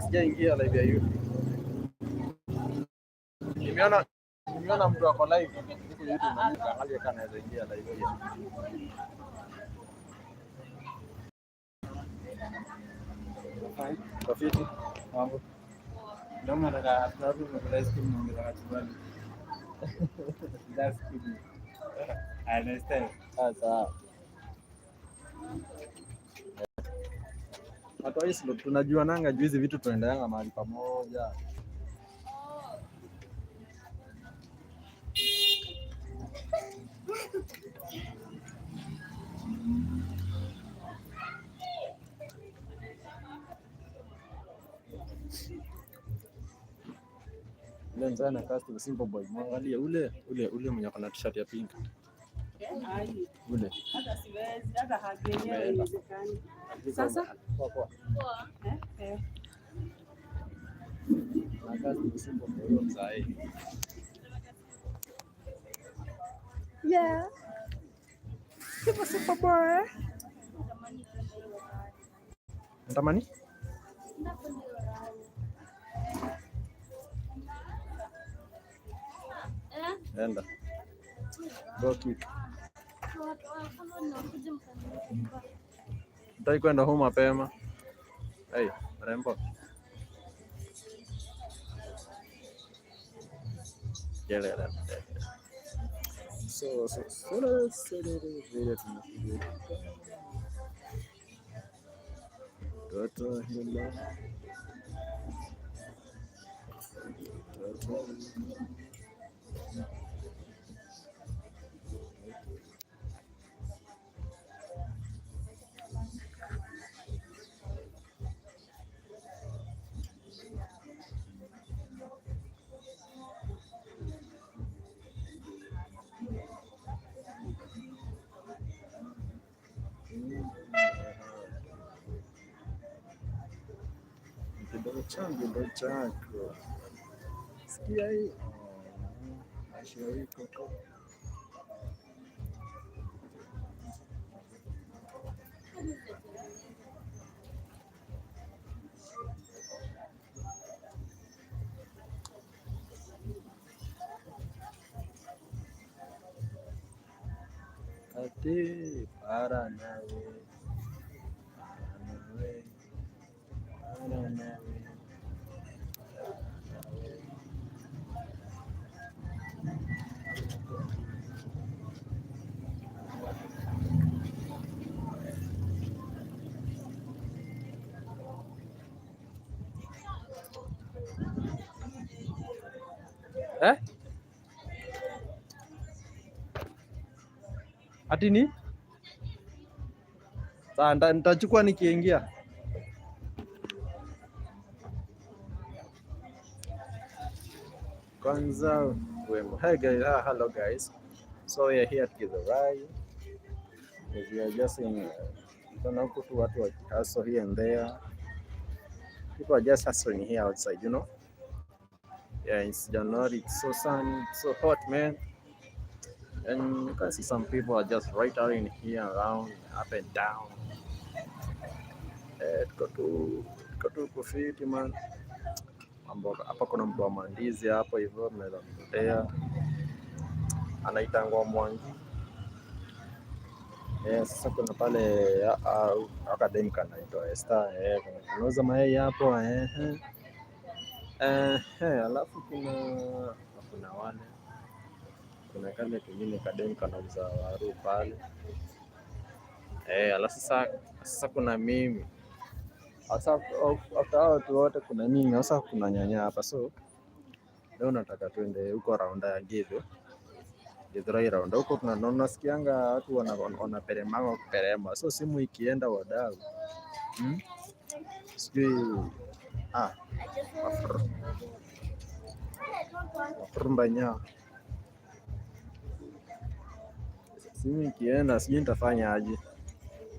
Sijaingia live ya YouTube. Nimeona nimeona mtu ako live huko YouTube na nikaangalia kama naweza ingia live hiyo. Rafiki mambo. Ndio nataka sababu na live stream naongeza kachibani. That's good. I understand. Ah, sawa ndo tunajua nanga juu hizi vitu tunaenda yanga mahali pamoja. Ule mzana simple boy. mwangalia ule ule ule mwenye kana t-shirt ya pink. Ule. Hata siwezi, hata haki yenyewe Sasa? Poa ya. poa. Eh? Eh. Na kazi ni simple kwa hiyo mzaa hii. Yeah. Sipo sipo poa. Natamani? Enda. Go kick. Nataki kwenda home mapema. Hey, rembo. changu ndo chako. Sikia hii masharikoko Cadê? Paranauê, não Paranauê. eh? Ati Atini sawa, nitachukua nikiingia. Kwanza hey guys, ah, hello guys. So we are here at Githurai. We are just in kuna huku tu watu wa hustle here and there. People are just hustling here outside, you know. Yeah, it's January. It's so sunny. It's so hot, man. And you can see some people are just right here around, up and down. Eh, hapa, kuna mtu wa mandizi hapo hivyo mnaweza mpotea, Mwangi. Eh, sasa kuna pale akademika ah, ah, anaitwa Esther. Eh, kunauza mayai hapo eh. eh. Alafu kuna wale kuna kale kingine kadem kanauza waru pale. Eh, alafu sasa sasa kuna mimi sasa, after hao watu wote kuna mimi sasa, kuna nyanya hapa, so leo nataka twende huko raunda ya Githu Githurai raunda huko, sikianga watu wanaperemanga kuperema, so simu ikienda wadau, hmm? sijui ah Rumbanyaa simi, nikienda sijui nitafanya aje,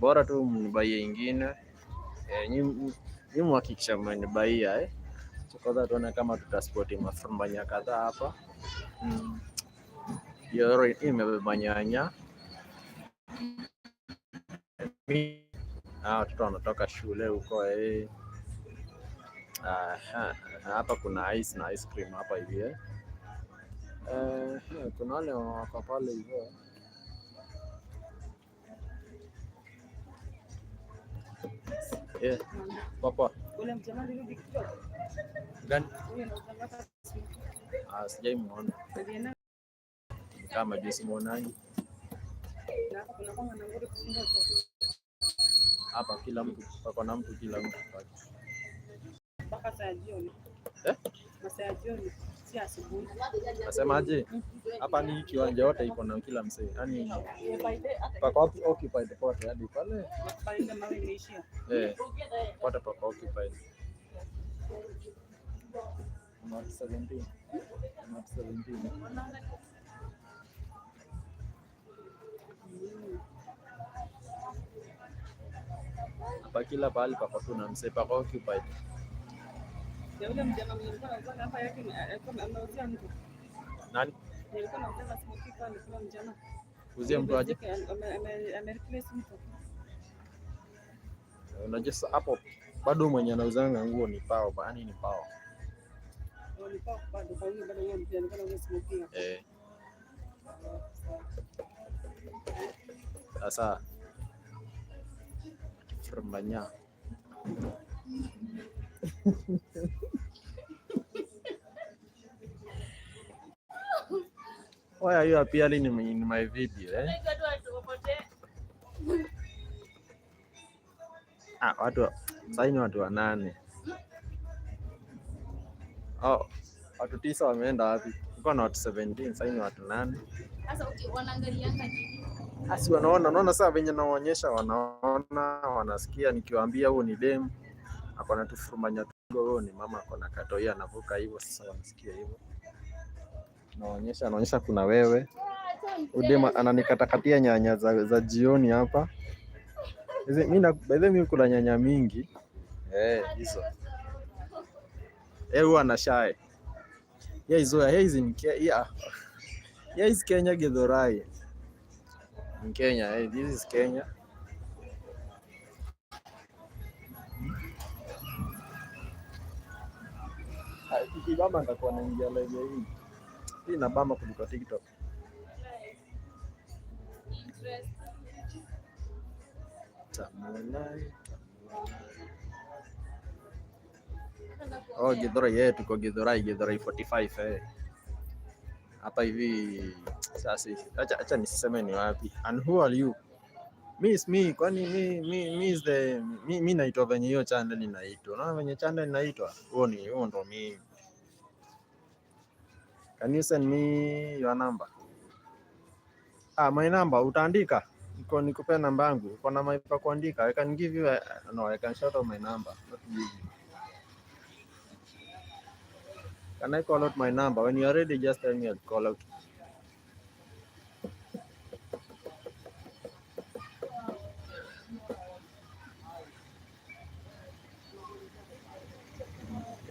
bora tu mnibaie ingine e, eh, nyi muhakikisha mmenibaia eh. Kwanza tuone kama tutaspoti marumbanya kadhaa hapa mm. Yoro imebeba nyanya watoto wanatoka shule huko eh. Aha, hapa kuna ice na ice cream hapa hivi eh. eh kuna wale wako pale hivi. Eh. Eh, ah, sijai muona. Kama jinsi muonani. Hapa kila mtu, kuna mtu kila mtu mpaka saa jioni. Masaa eh? ya jioni si asubuhi. Nasemaje? Hapa ni kiwanja yote iko na kila msee. yani pako occupied pote hadi pale. Pale eh, Pote pako occupied. Hapa kila pahali pako tu na msee pako occupied. Nani? Uzia mtu aje? Unajua hapo bado mwenye anauzanga nguo ni pao, bani ni pao. Eh. Sasa frambanya Why are you appearing in my video eh? Ah, watu sasa watu wanane. Oh, watu tisa wameenda wapi? Kulikuwa na watu 17, sasa watu nane. Sasa wanaangalianga nini? Asi ah, wanaona, naona saa venye naonyesha, wanaona wanasikia, nikiwaambia huu ni demu akona tufurumanya tugo, huyo ni mama akona katoia anavuka hivyo, sasa wanasikia hivyo. Naonyesha anaonyesha kuna wewe. Udema ananikatakatia nyanya za, za jioni hapa. Mimi kuna nyanya mingi eh, hizo eh, huwa na shae ah, is Kenya githurai in Kenya. Hey, eh, this is Kenya. Mama ah, atakuwa anaingia live hii hii na bamba kuduka TikTok. Oh, Githurai eh, tuko Githurai, Githurai 45 eh. Hapa hivi sasa, acha acha nisiseme ni wapi. And who are you? Mi is me, kwani mi mi mi is the mi, mi naitwa venye hiyo channel inaitwa. Unaona venye channel inaitwa? Huo ni huo ndo mimi. Can you send me your number? Ah, my number utaandika? Niko nikupe namba yangu. Uko na mahali pa kuandika? I can give you a, no, I can shout out my number. Not give you. Can I call out my number? When you are ready, just tell me I'll call out.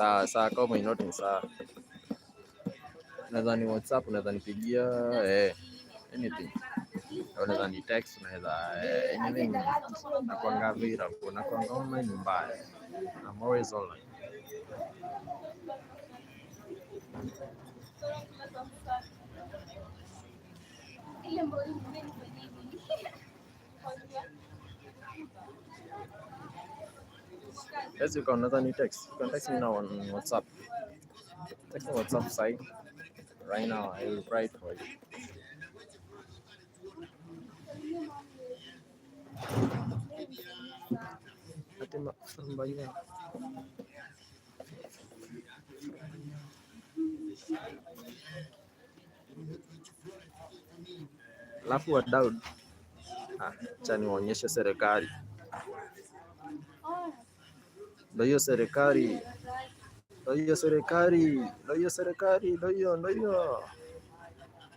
sawa sawa, kama mwenye note ni sawa, Nadhani WhatsApp, unaweza nipigia eh, anything, unaweza ni text, unaweza eh, anything. Nakwanga vira huko, nakwanga online mbaya, I'm always online. Yes, you can another new text. You can text me now on WhatsApp. Text me WhatsApp side right now. I will reply for you. Fatima wa Daud, Alafu wadau, ah, acha niwaonyeshe serikali. Loyo serekari Loyo serekari Loyo serekari Loyo, loyo.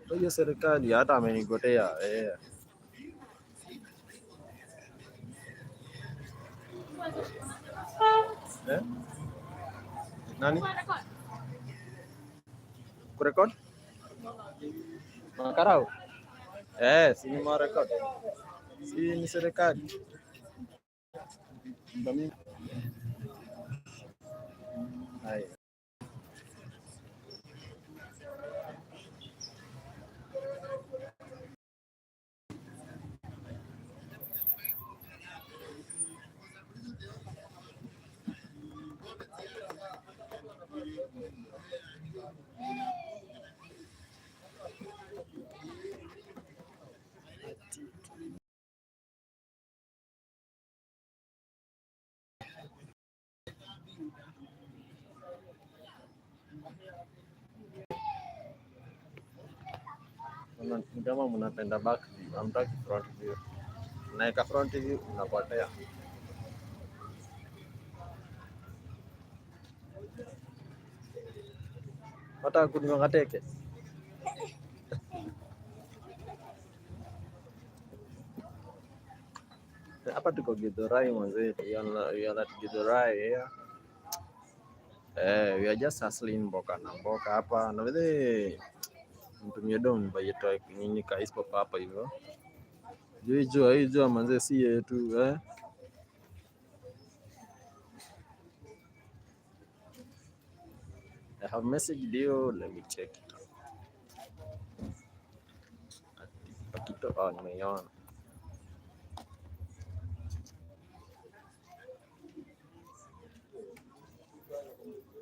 Loyo serekari Ya, meni gote ya Eh? eh? Nani? Kurekod? Makarau? Eh, sini mau rekod. Sini serekari Kami Ahí. ni kama mnapenda back view, hamtaki front view. Naweka front view, unapotea. Nataka ya. kunywa kateke. Hapa tuko Githurai mwenzetu, we iya are at iya Githurai. Ya. Eh, we iya are just hustling mboka na mboka hapa na within mtumie nyumba yetu nini kaispo papa hivyo juu jua hii jua manze si yetu eh? I have message dio, let me check it out. Pakito, oh, nimeiona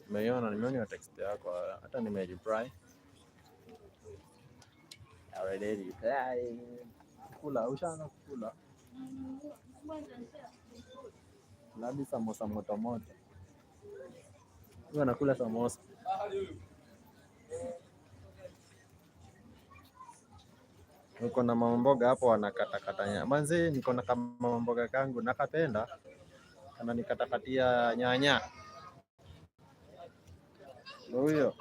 nimeiona, nimeona text yako hata nime reply already Kula, ushaanza kukula? Labda samosa motomoto moto. anakula samosa. Niko na mama hapo wanakatakata nyanya. Manzi niko na mama kangu nakapenda kana nyanya. Ndio huyo.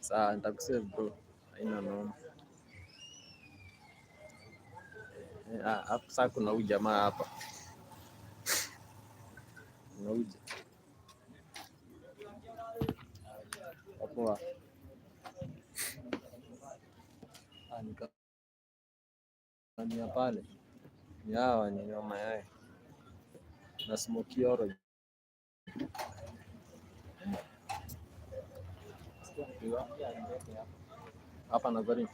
Sawa, nitakusave bro, haina noma. Eh, ah, sasa kuna huyu jamaa hapa nauja apoaania ah, pale ni hawa ni nyama на Смокьору. Hapa nadhari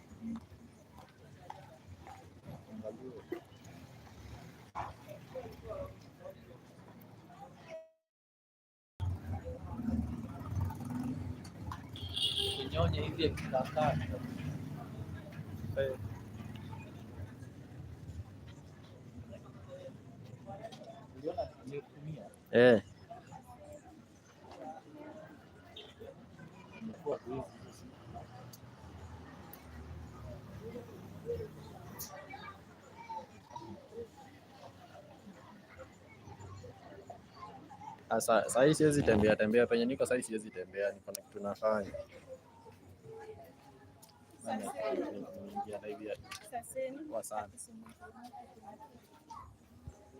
kinyonya hivi akikaa Eh. Saa hii siwezi tembea tembea, penye niko sai hii siwezi tembea, niko na kitu nafanya.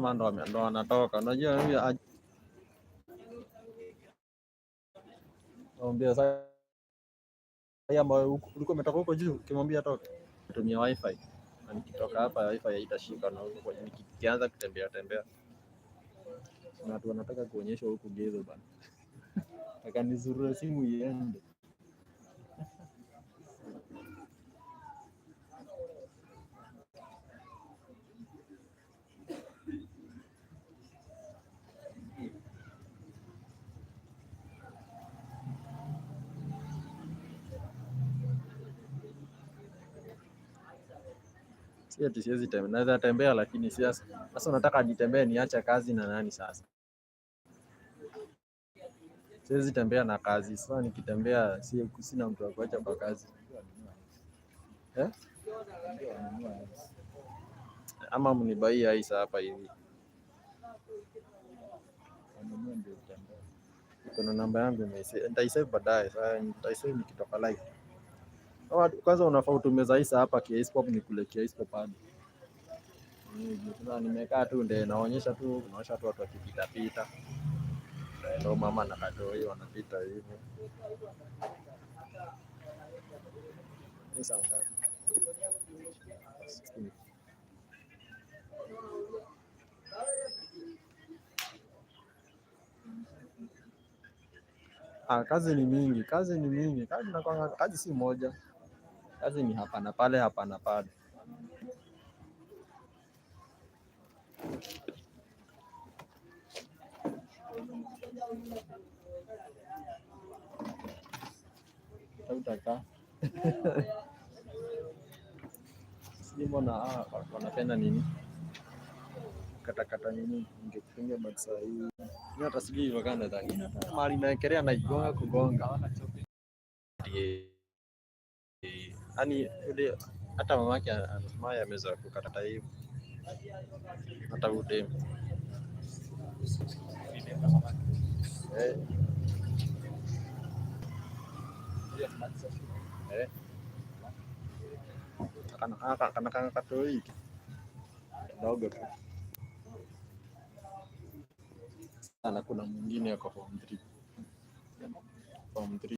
kama ndo ndo anatoka. Unajua ambia sasa ambayo ulikuwa umetoka huko juu, ukimwambia toka, tumia wifi na nikitoka hapa wifi haitashika, na huko nikianza kutembea tembea na watu wanataka kuonyeshwa huku gezo bana, akanizurura simu iende eti siwezi tembea, naweza tembea lakini siasa. sasa unataka nitembee niacha kazi na nani sasa? Siwezi tembea na kazi sasa, nikitembea si sina mtu wa kuacha kwa kazi eh? Ama mnibai aisa hapa hivi, kuna namba yangu nitaisave baadaye, sasa nitaisave nikitoka live kwanza unafaa utumie za hapa kiaispo ni kule kiaispo pale. Nimekaa tu ndio naonyesha tu, naonyesha tu watu wakipita pita, ndio mama na hiyo wanapita hivi Ah, kazi ni mingi, kazi ni mingi, kazi nakwanga, kazi si moja kazi ni hapa na pale, hapa na pale. Utakaa sijui ah, wanapenda nini katakata nini, ingekupiga masaa hii mi hata sijui wakanda dhani mali naekelea naigonga kugonga yani yule hata mamake anasema ameweza kukata hivi hata udemu eh. Eh. Kana Katoliki tu sana. Kuna mwingine form 3 form 3